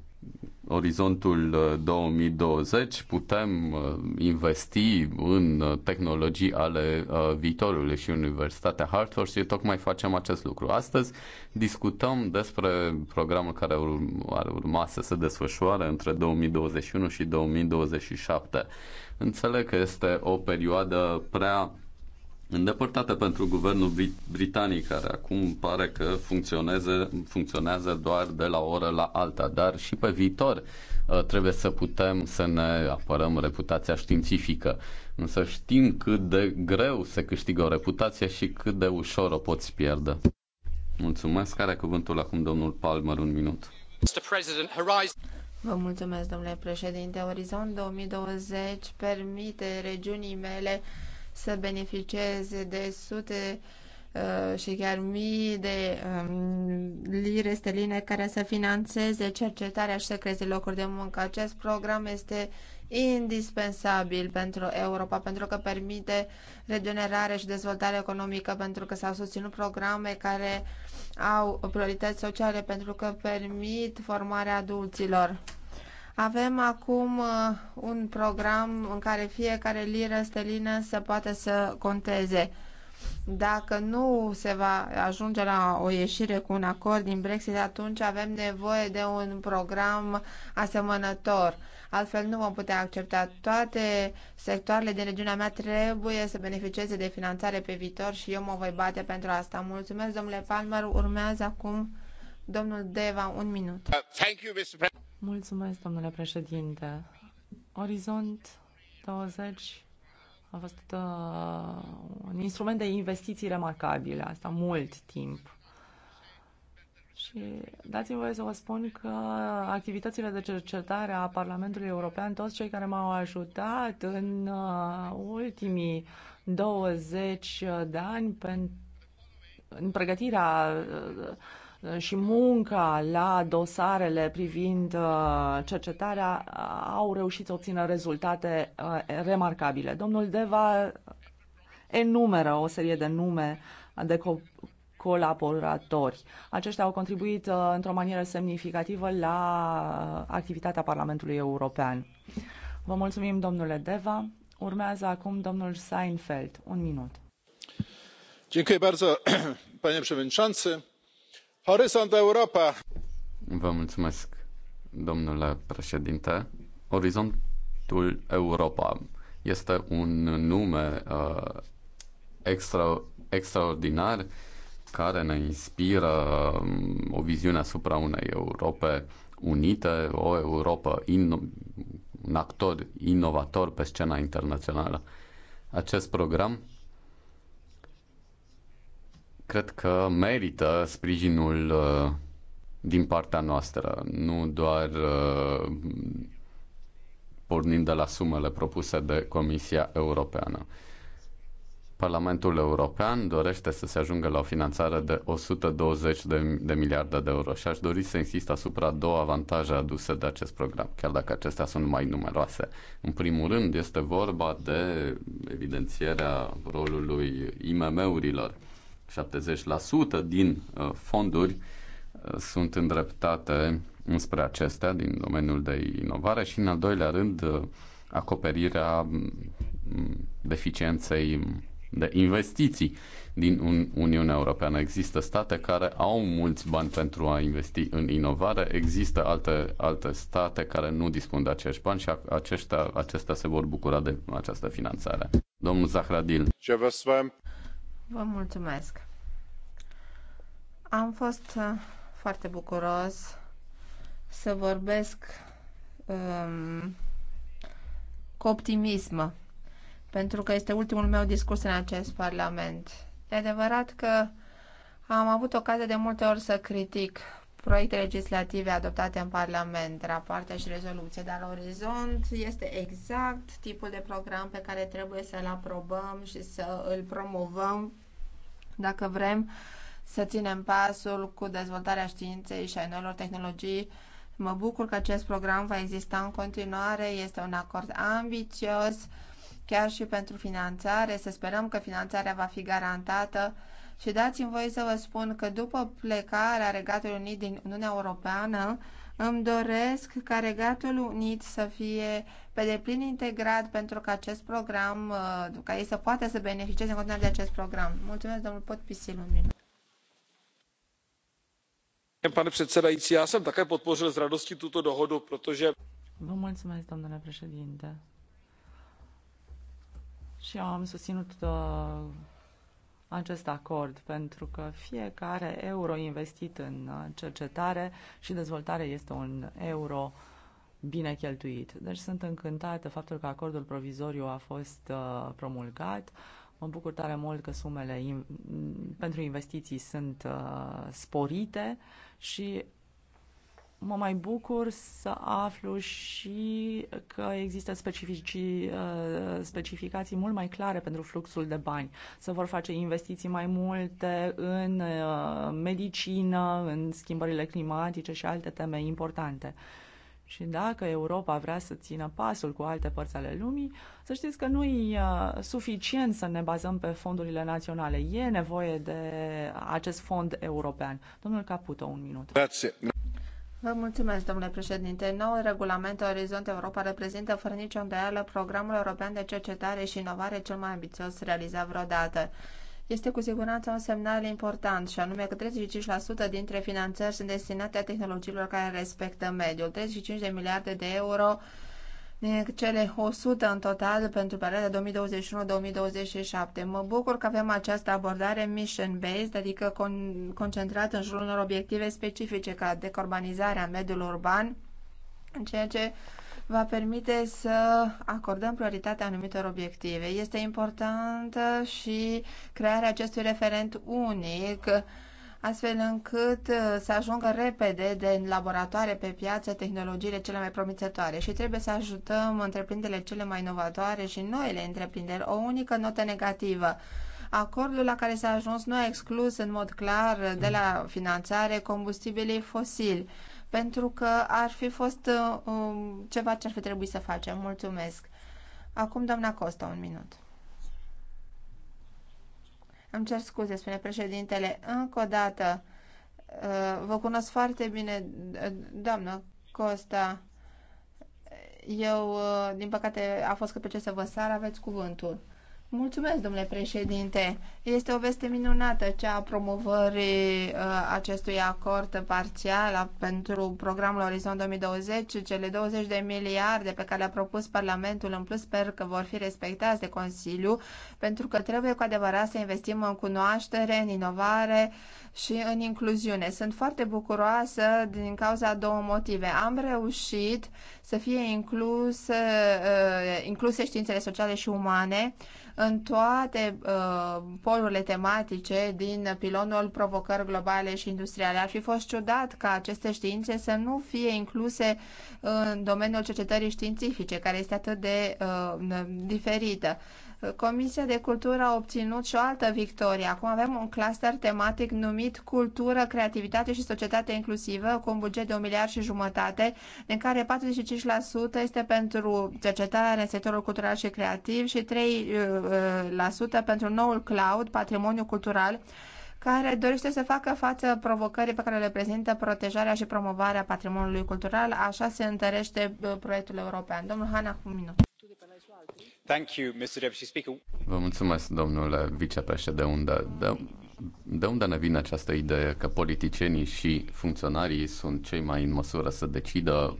orizontul 2020 uh, putem uh, investi în uh, tehnologii ale viitorului și Universitatea Hartford și tocmai facem acest lucru. Astăzi discutăm despre programul care ar urma să se desfășoare între 2021 și 2027. Înțeleg că este o perioadă prea îndepărtate pentru guvernul britanic, care acum pare că funcționeze, funcționează doar de la o oră la alta, dar și pe viitor uh, trebuie să putem să ne apărăm reputația științifică. Însă știm cât de greu se câștigă o reputație și cât de ușor o poți pierde. Mulțumesc. Care cuvântul acum domnul Palmer? Un minut. Vă mulțumesc, domnule președinte. Orizont 2020 permite regiunii mele să beneficieze de sute uh, și chiar mii de um, lire steline care să financeze cercetarea și să creeze locuri de muncă. Acest program este indispensabil pentru Europa, pentru că permite regenerare și dezvoltare economică, pentru că s-au susținut programe care au priorități sociale, pentru că permit formarea adulților. Avem acum uh, un program în care fiecare liră stelină să poată să conteze. Dacă nu se va ajunge la o ieșire cu un acord din Brexit, atunci avem nevoie de un program asemănător. Altfel nu vom putea accepta. Toate sectoarele din regiunea mea trebuie să beneficieze de finanțare pe viitor și eu mă voi bate pentru asta. Mulțumesc, domnule Palmer. Urmează acum Domnul Deva, un minut. Uh, Mulțumesc, domnule președinte. Orizont 20 a fost uh, un instrument de investiții remarcabil, asta mult timp. Și dați-mi voie să vă spun că activitățile de cercetare a Parlamentului European, toți cei care m-au ajutat în uh, ultimii 20 de ani pentru în pregătirea uh, și munca la dosarele privind uh, cercetarea uh, au reușit să obțină rezultate uh, remarcabile. Domnul Deva enumeră o serie de nume de co- colaboratori. Aceștia au contribuit într-o manieră semnificativă la activitatea Parlamentului European. Vă mulțumim, domnule Deva. Urmează acum domnul Seinfeld. Un minut. Dziękuję bardzo, <clears throat> panie przewodniczący Horizont Europa. Vă mulțumesc, domnule președinte. Orizontul Europa este un nume uh, extra, extraordinar care ne inspiră um, o viziune asupra unei Europe unite, o Europa inno- un actor inovator pe scena internațională. Acest program cred că merită sprijinul uh, din partea noastră, nu doar uh, pornind de la sumele propuse de Comisia Europeană. Parlamentul European dorește să se ajungă la o finanțare de 120 de, de miliarde de euro și aș dori să insist asupra două avantaje aduse de acest program, chiar dacă acestea sunt mai numeroase. În primul rând este vorba de evidențierea rolului IMM-urilor 70% din uh, fonduri uh, sunt îndreptate înspre acestea din domeniul de inovare și, în al doilea rând, uh, acoperirea mm, mm, deficienței de investiții din Uniunea Europeană. Există state care au mulți bani pentru a investi în inovare, există alte, alte state care nu dispun de acești bani și aceștia, acestea se vor bucura de această finanțare. Domnul Zahradil. Ce vă spun? Vă mulțumesc. Am fost uh, foarte bucuros să vorbesc um, cu optimism, pentru că este ultimul meu discurs în acest Parlament. E adevărat că am avut ocazia de multe ori să critic proiecte legislative adoptate în Parlament, rapoarte și rezoluție, dar Orizont este exact tipul de program pe care trebuie să-l aprobăm și să îl promovăm dacă vrem să ținem pasul cu dezvoltarea științei și a noilor tehnologii. Mă bucur că acest program va exista în continuare, este un acord ambițios, chiar și pentru finanțare. Să sperăm că finanțarea va fi garantată și dați-mi voie să vă spun că după plecarea Regatului Unit din Uniunea Europeană, îmi doresc ca Regatul Unit să fie pe deplin integrat pentru că acest program, uh, ca ei să poată să beneficieze în continuare de acest program. Mulțumesc, domnul Podpisil, un minut. Pane předsedající, já jsem také podpořil s radostí tuto dohodu, protože... Vă mulțumesc, domnule președinte și am susținut uh, acest acord, pentru că fiecare euro investit în uh, cercetare și dezvoltare este un euro bine cheltuit. Deci sunt încântată faptul că acordul provizoriu a fost uh, promulgat. Mă bucur tare mult că sumele in, pentru investiții sunt uh, sporite și Mă mai bucur să aflu și că există specifici, uh, specificații mult mai clare pentru fluxul de bani. Să vor face investiții mai multe în uh, medicină, în schimbările climatice și alte teme importante. Și dacă Europa vrea să țină pasul cu alte părți ale lumii, să știți că nu e uh, suficient să ne bazăm pe fondurile naționale. E nevoie de acest fond european. Domnul Caputo, un minut. Grazie. Vă mulțumesc, domnule președinte. Noul regulament Orizont Europa reprezintă fără nicio îndoială programul european de cercetare și inovare cel mai ambițios realizat vreodată. Este cu siguranță un semnal important, și anume că 35% dintre finanțări sunt destinate a tehnologiilor care respectă mediul, 35 de miliarde de euro cele 100 în total pentru perioada 2021-2027. Mă bucur că avem această abordare mission-based, adică con- concentrată în jurul unor obiective specifice ca decarbonizarea mediului urban, ceea ce va permite să acordăm prioritatea anumitor obiective. Este importantă și crearea acestui referent unic astfel încât uh, să ajungă repede de laboratoare pe piață tehnologiile cele mai promițătoare și trebuie să ajutăm întreprinderile cele mai inovatoare și noile întreprinderi. O unică notă negativă. Acordul la care s-a ajuns nu a exclus în mod clar de la finanțare combustibilii fosili, pentru că ar fi fost uh, um, ceva ce ar fi trebuit să facem. Mulțumesc. Acum, doamna Costa, un minut. Îmi cer scuze, spune președintele. Încă o dată, uh, vă cunosc foarte bine, doamnă Costa. Eu, uh, din păcate, a fost că pe ce să vă sar, aveți cuvântul. Mulțumesc, domnule președinte. Este o veste minunată cea a promovării uh, acestui acord parțial pentru programul Orizont 2020. Cele 20 de miliarde pe care le-a propus Parlamentul, în plus sper că vor fi respectați de Consiliu, pentru că trebuie cu adevărat să investim în cunoaștere, în inovare și în incluziune. Sunt foarte bucuroasă din cauza două motive. Am reușit să fie inclus, uh, uh incluse științele sociale și umane, în toate uh, polurile tematice din pilonul provocări globale și industriale. Ar fi fost ciudat ca aceste științe să nu fie incluse în domeniul cercetării științifice, care este atât de uh, diferită. Comisia de Cultură a obținut și o altă victorie. Acum avem un cluster tematic numit Cultură, Creativitate și Societate Inclusivă, cu un buget de 1 miliard și jumătate, din care 45% este pentru cercetare în sectorul cultural și creativ și 3% uh, uh, pentru noul cloud, patrimoniu cultural, care dorește să facă față provocării pe care le prezintă protejarea și promovarea patrimoniului cultural. Așa se întărește uh, proiectul european. Domnul Hanna, cu minut. Vă mulțumesc, domnule vicepreședinte. De de, unde ne vine această idee că politicienii și funcționarii sunt cei mai în măsură să decidă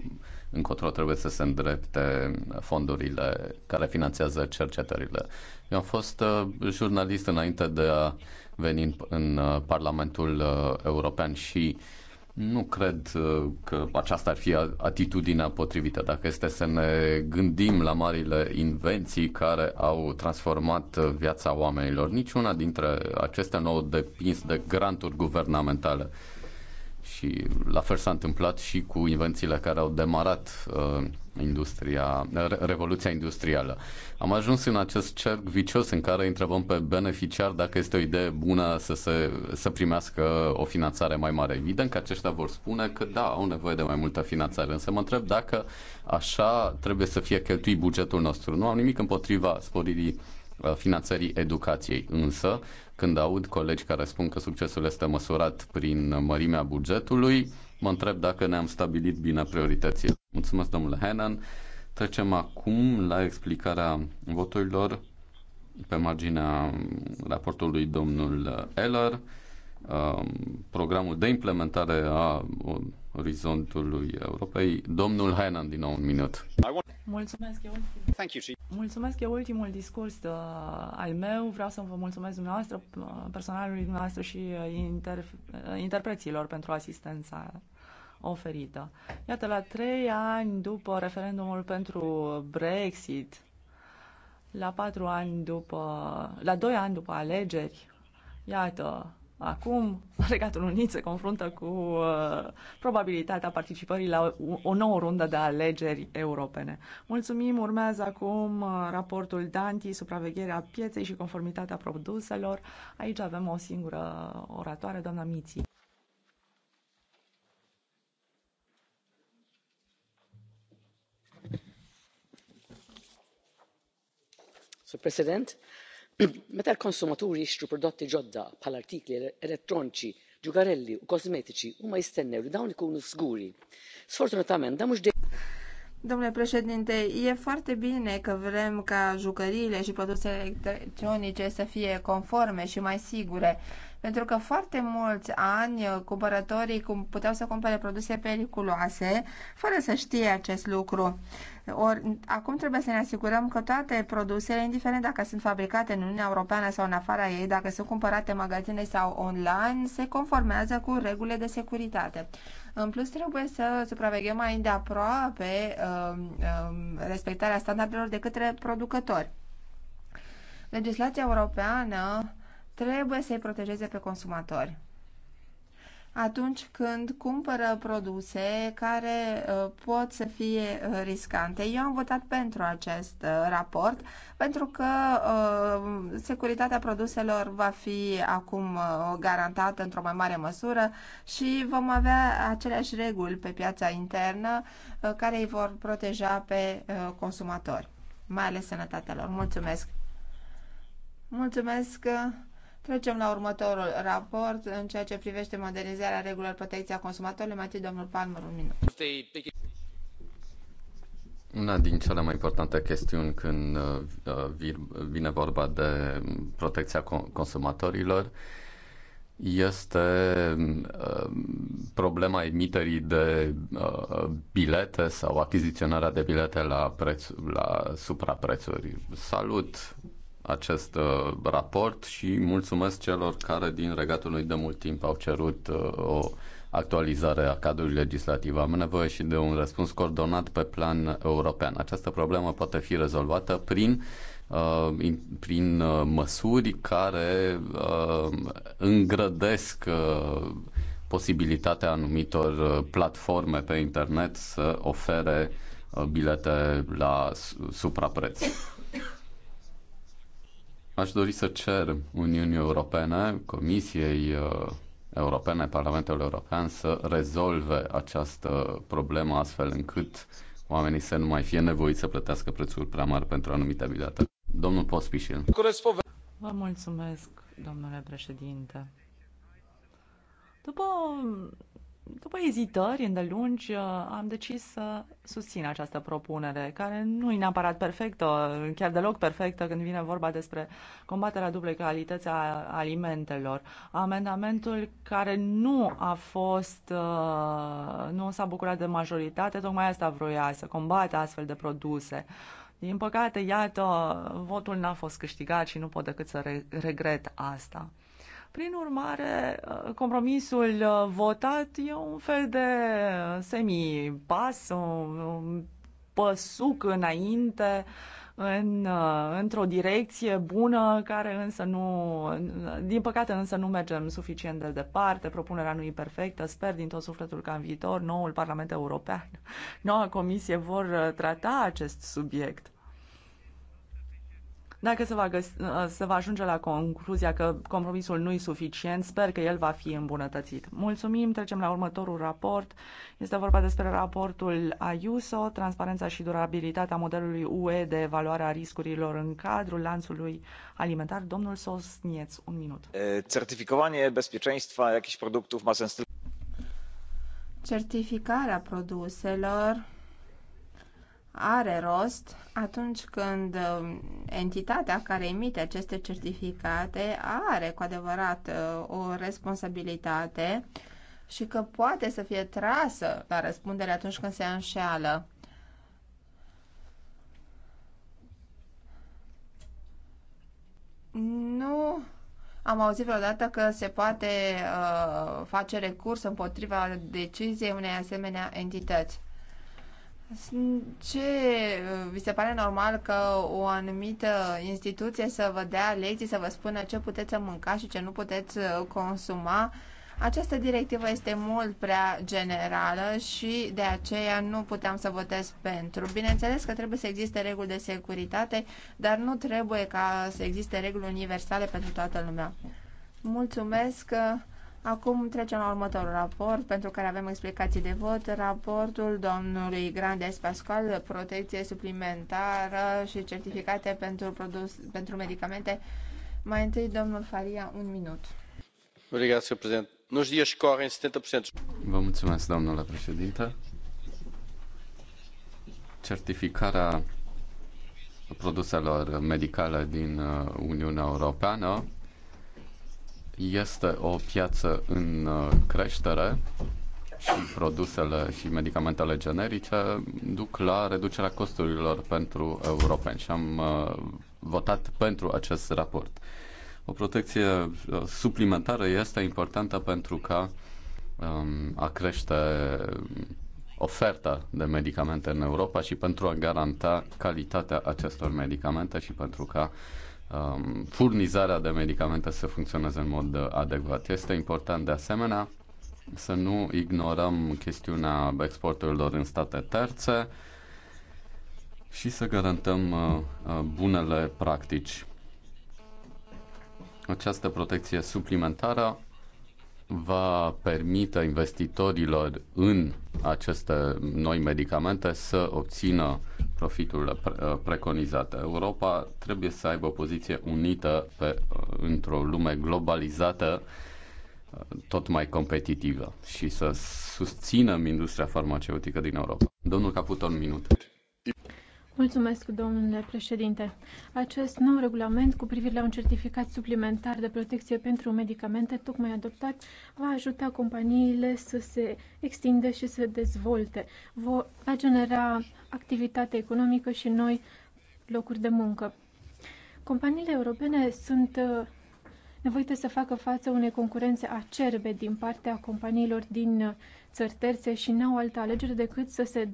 încotro trebuie să se îndrepte fondurile care finanțează cercetările? Eu am fost uh, jurnalist înainte de a veni în, uh, Parlamentul uh, European și nu cred uh, că aceasta ar fi atitudinea potrivită. Dacă este să ne gândim la marile invenții care au transformat uh, viața oamenilor, niciuna dintre acestea nu au depins de granturi guvernamentale. Și la fel s-a întâmplat și cu invențiile care au demarat uh, industria, uh, revoluția industrială. Am ajuns în acest cerc vicios în care întrebăm pe beneficiar dacă este o idee bună să, se, să primească o finanțare mai mare. Evident că aceștia vor spune că da, au nevoie de mai multă finanțare, însă mă întreb dacă așa trebuie să fie cheltuit bugetul nostru. Nu am nimic împotriva sporirii Uh, finanțării educației. Însă, când aud colegi care spun că succesul este măsurat prin mărimea bugetului, mă întreb dacă ne-am stabilit bine prioritățile. Mulțumesc, domnule Henan. Trecem acum la explicarea voturilor pe marginea raportului domnul Eller uh, programul de implementare a orizontului Europei. Domnul Hainan, din nou un minut. Mulțumesc, e ultimul, mulțumesc, e ultimul discurs de, uh, al meu. Vreau să vă mulțumesc dumneavoastră, uh, personalului dumneavoastră și uh, inter, interpreților pentru asistența oferită. Iată, la trei ani după referendumul pentru Brexit, la patru ani după, la doi ani după alegeri, iată, Acum, <laughs> Regatul Unit se confruntă cu uh, probabilitatea participării la o, o nouă rundă de alegeri europene. Mulțumim, urmează acum uh, raportul Danti, supravegherea pieței și conformitatea produselor. Aici avem o singură oratoare, doamna Miții. Mr meta l-konsumaturi jixtru prodotti ġodda bħal artikli elettroniċi ġugarelli u kosmetiċi huma jistennew li dawn ikunu siguri. sfortunatament dan mhux Domnule președinte, e foarte bine că vrem ca jucăriile și produsele electronice să fie conforme și mai sigure, pentru că foarte mulți ani uh, cumpărătorii puteau să cumpere produse periculoase fără să știe acest lucru. Or, acum trebuie să ne asigurăm că toate produsele, indiferent dacă sunt fabricate în Uniunea Europeană sau în afara ei, dacă sunt cumpărate în magazine sau online, se conformează cu regulile de securitate. În plus, trebuie să supraveghem mai îndeaproape uh, uh, respectarea standardelor de către producători. Legislația europeană trebuie să-i protejeze pe consumatori. Atunci când cumpără produse care uh, pot să fie uh, riscante. Eu am votat pentru acest uh, raport pentru că securitatea produselor va fi acum garantată într-o mai mare măsură și vom avea aceleași reguli pe piața internă care îi vor proteja pe consumatori, mai ales sănătatea lor. Mulțumesc! Mulțumesc! Trecem la următorul raport în ceea ce privește modernizarea regulilor protecției consumatorilor. Mai întâi, domnul Palmer, un minut. Una din cele mai importante chestiuni când uh, uh, vine vorba de protecția consumatorilor este uh, problema emiterii de bilete sau achiziționarea de bilete la, preț, la supraprețuri. Salut acest uh, raport și mulțumesc celor care din Regatul lui de mult timp au cerut uh, o actualizare a cadrului legislativ. Am nevoie și de un răspuns coordonat pe plan european. Această problemă poate fi rezolvată prin uh, prin uh, măsuri care uh, îngrădesc uh, posibilitatea anumitor uh, platforme pe internet să ofere bilete la suprapreț. Aș dori să cer Uniunii Europene, Comisiei uh, Europene, Parlamentul European să rezolve această problemă astfel încât oamenii să nu mai fie nevoiți să plătească prețuri prea mari pentru anumite bilete. Domnul Pospișil. Vă mulțumesc, domnule președinte. După după ezitări îndelungi, uh, am decis să susțin această propunere, care nu e neapărat perfectă, chiar deloc perfectă când vine vorba despre combaterea dublei calități a alimentelor. Amendamentul care nu a fost, uh, nu s-a bucurat de majoritate, tocmai asta vroia, să combate astfel de produse. Din păcate, iată, votul n-a fost câștigat și nu pot decât să re- regret asta. Prin urmare, uh, compromisul uh, votat e un fel de uh, semipas, un păsuc înainte, în, într-o direcție bună, care însă nu, din păcate însă nu mergem suficient de departe, propunerea nu e perfectă, sper din tot sufletul că în viitor noul Parlament European, noua Comisie vor trata acest subiect. Dacă se va, găs- uh, se va ajunge la concluzia că compromisul nu e suficient, sper că el va fi îmbunătățit. Mulțumim, trecem la următorul raport. Este vorba despre raportul AIUSO, transparența și durabilitatea modelului UE de evaluare a riscurilor în cadrul lanțului alimentar. Domnul Sosnieț, un minut. Certificowanie bezpieczeństwa jakichś produktów ma sens Certificarea produselor are rost atunci când um, entitatea care emite aceste certificate are cu adevărat uh, o responsabilitate și că poate să fie trasă la răspundere atunci când se înșeală. Nu am auzit vreodată că se poate uh, face recurs împotriva deciziei unei asemenea entități. Ce uh, vi se pare normal că o anumită instituție să vă dea lecții, să vă spună ce puteți să mâncați și ce nu puteți uh, consuma? Această directivă este mult prea generală și de aceea nu puteam să votez pentru. Bineînțeles că trebuie să existe reguli de securitate, dar nu trebuie ca să existe reguli universale pentru toată lumea. Mulțumesc! Uh, Acum trecem la următorul raport, pentru care avem explicații de vot. Raportul domnului Grandes Pascual, protecție suplimentară și certificate pentru, produs, pentru medicamente. Mai întâi, domnul Faria, un minut. Vă mulțumesc, domnule președinte. Certificarea produselor medicale din uh, Uniunea Europeană este o piață în uh, creștere și produsele și medicamentele generice duc la reducerea costurilor pentru europeni și am uh, votat pentru acest raport. O protecție uh, suplimentară este importantă pentru ca um, a crește oferta de medicamente în Europa și pentru a garanta calitatea acestor medicamente și pentru ca uh, um, furnizarea de medicamente să funcționeze în mod adecvat. Este important de asemenea să nu ignorăm chestiunea exporturilor în state terțe și să garantăm uh, uh bunele practici. Această protecție suplimentară va permite investitorilor în aceste noi medicamente să obțină profiturile uh, preconizate. Europa trebuie să aibă o poziție unită pe, uh, într-o lume globalizată uh, tot mai competitivă și să susținem industria farmaceutică din Europa. Domnul Caputon, minut. Mulțumesc, domnule președinte. Acest nou regulament cu privire la un certificat suplimentar de protecție pentru medicamente tocmai adoptat va ajuta companiile să se extindă și să dezvolte. Va genera activitate economică și noi locuri de muncă. Companiile europene sunt uh, nevoite să facă față unei concurențe acerbe din partea companiilor din uh, țări terțe și n-au altă alegere decât să se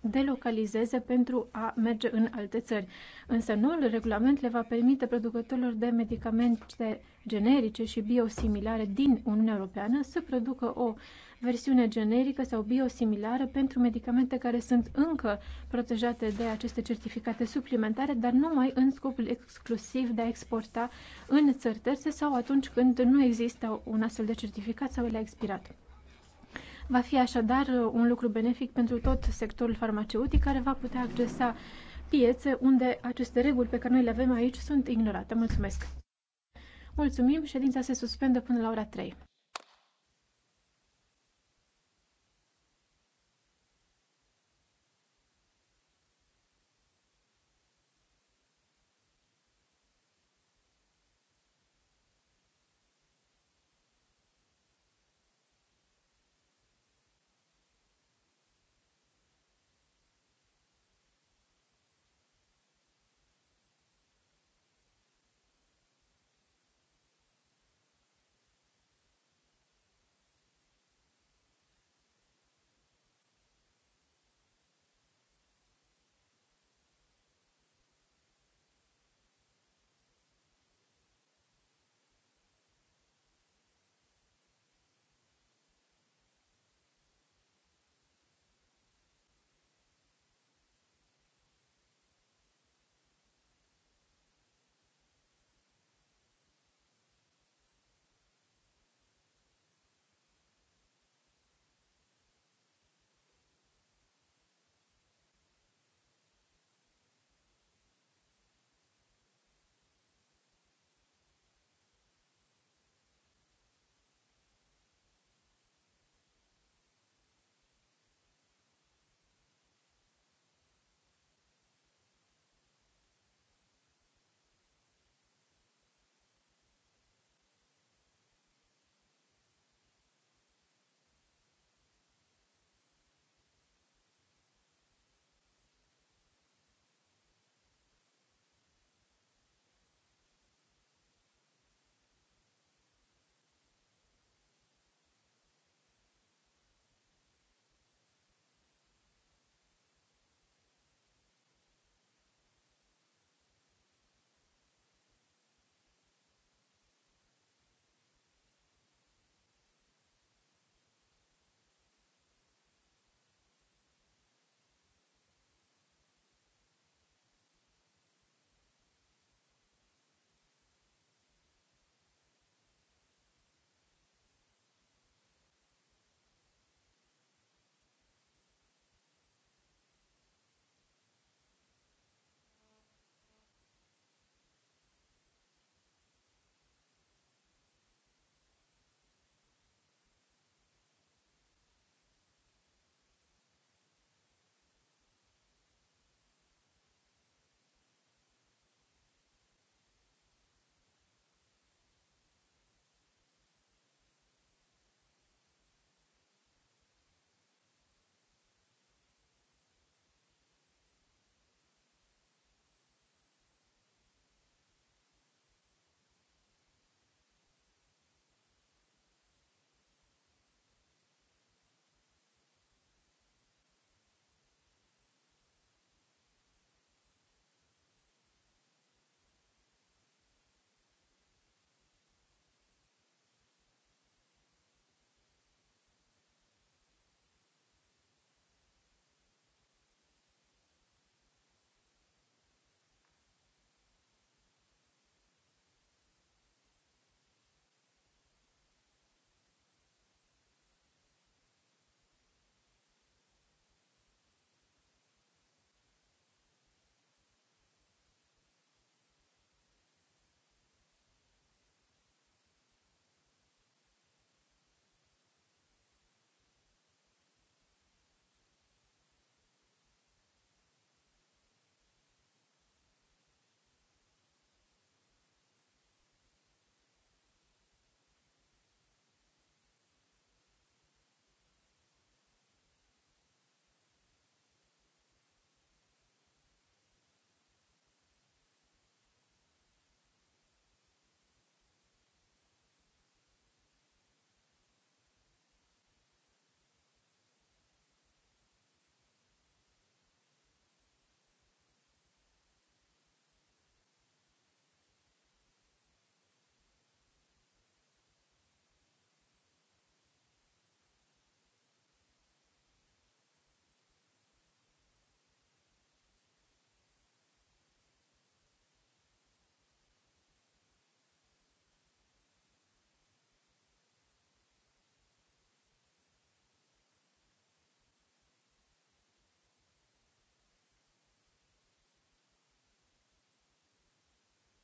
delocalizeze pentru a merge în alte țări. Însă noul regulament le va permite producătorilor de medicamente generice și biosimilare din Uniunea Europeană să producă o versiune generică sau biosimilară pentru medicamente care sunt încă protejate de aceste certificate suplimentare, dar numai în scopul exclusiv de a exporta în țări terțe sau atunci când nu există un astfel de certificat sau el a expirat. Va fi așadar uh, un lucru benefic pentru tot sectorul farmaceutic care va putea accesa piețe unde aceste reguli pe care noi le avem aici sunt ignorate. Mulțumesc! Mulțumim, ședința se suspendă până la ora 3.